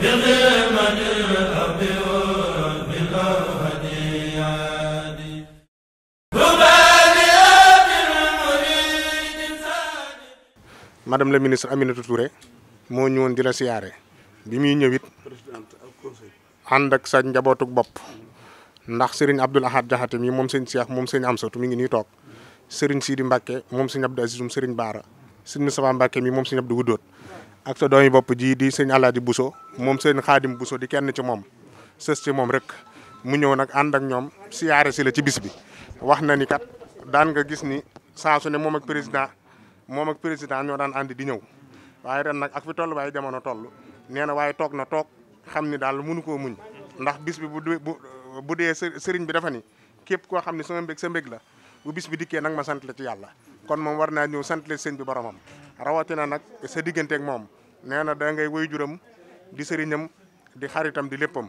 madame la ministre Aminata Touré mo ñewon di la siyaare bi mi ñewit and ak sa njabootuk Bop ndax Serigne Abdoul Ahad Jahate mi mom Serigne Cheikh mom Serigne Amsatou mi ngi ni tok Serigne Sidi Mbacke mom Serigne Abdou Aziz Serigne Bara Serigne Moustapha Mbacke mi mom Serigne Abdou Goudot ak sa doom yi bopp ji di sëñ Alaaji Bousso moom sëñ Xaadim buso di kenn ci moom sës ci moom rek mu ñëw nag ànd ak ñoom siyaare si la ci bis bi. wax na ni kat daan nga gis ni saa ne moom ak président moom ak président ñoo daan ànd di ñëw waaye ren nag ak fi tollu waaye jamono toll nee na waaye toog na toog xam ni daal munu koo muñ ndax bis bi bu bu bu dee sëriñ bi dafa ni képp koo xam ne sama mbég sa mbég la bu bis bi dikkee nag ma sant la ci yàlla. kon moom war naa ñëw sant leen sëñ bi boromam rawatina nag sa digganteeg moom nee na da ngay way juram di sëriñam di xaritam di léppam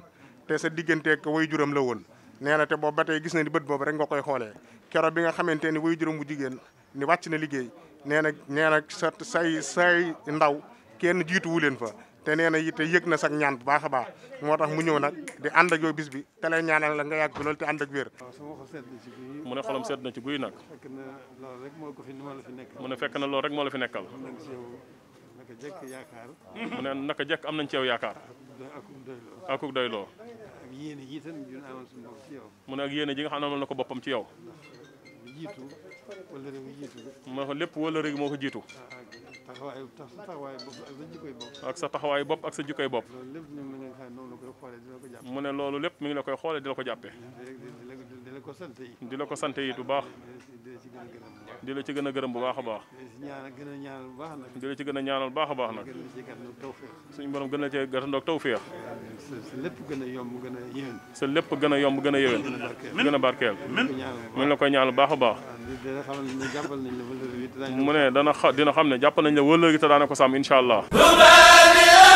te sa digganteek way juram la woon nee na te boobu ba tey gis na ni bët boobu rek nga koy xoolee kero bi nga xamante ni way juram bu jigéen ni wàcc na liggéey nee na nee na sa say say ndaw kenn jiituwu leen fa te nee na yitte yëg na sax ñaan bu baax a baax moo tax mu ñëw nag di ànd ak yow bis bi te lay ñaanal la nga yàgg bi loolu te ànd ak wér. mu ne xolam sedd na ci guy nag. mu ne fekk na lool rek moo la fi nekkal. mu ne naka jekk am nañ ci yow yaakaar. akuk doy loo. mu ne ak yéene ji nga xam ne amal na ko boppam ci yow. mu ne lépp wala rek moo ko jiitu. taxawaayu taxawaayu bopp ak sa jikkoy bopp. ak sa taxawaayu bopp ak sa jikkoy bopp. loolu lépp ñu ngi xam di la ko jàppee. mu ne loolu lépp mi ngi la koy xoolee di la ko jàppee. di la ko sant yi. di la ko sant yi bu baax. di la ci gën a gërëm bu baax a baax. di la ci gën a ñaanal bu baax a baax. a ñaanal bu a baax nag. suñu borom gën la cee gàttandoog tawféex. sa lépp gën a yomb gën a yéwén. sa lépp gën a yomb gën a yéwén. gën a barkeel mu ne la koy a dina xam ne jàpp nañ la wëllëgi te daana ko sàmm incha allah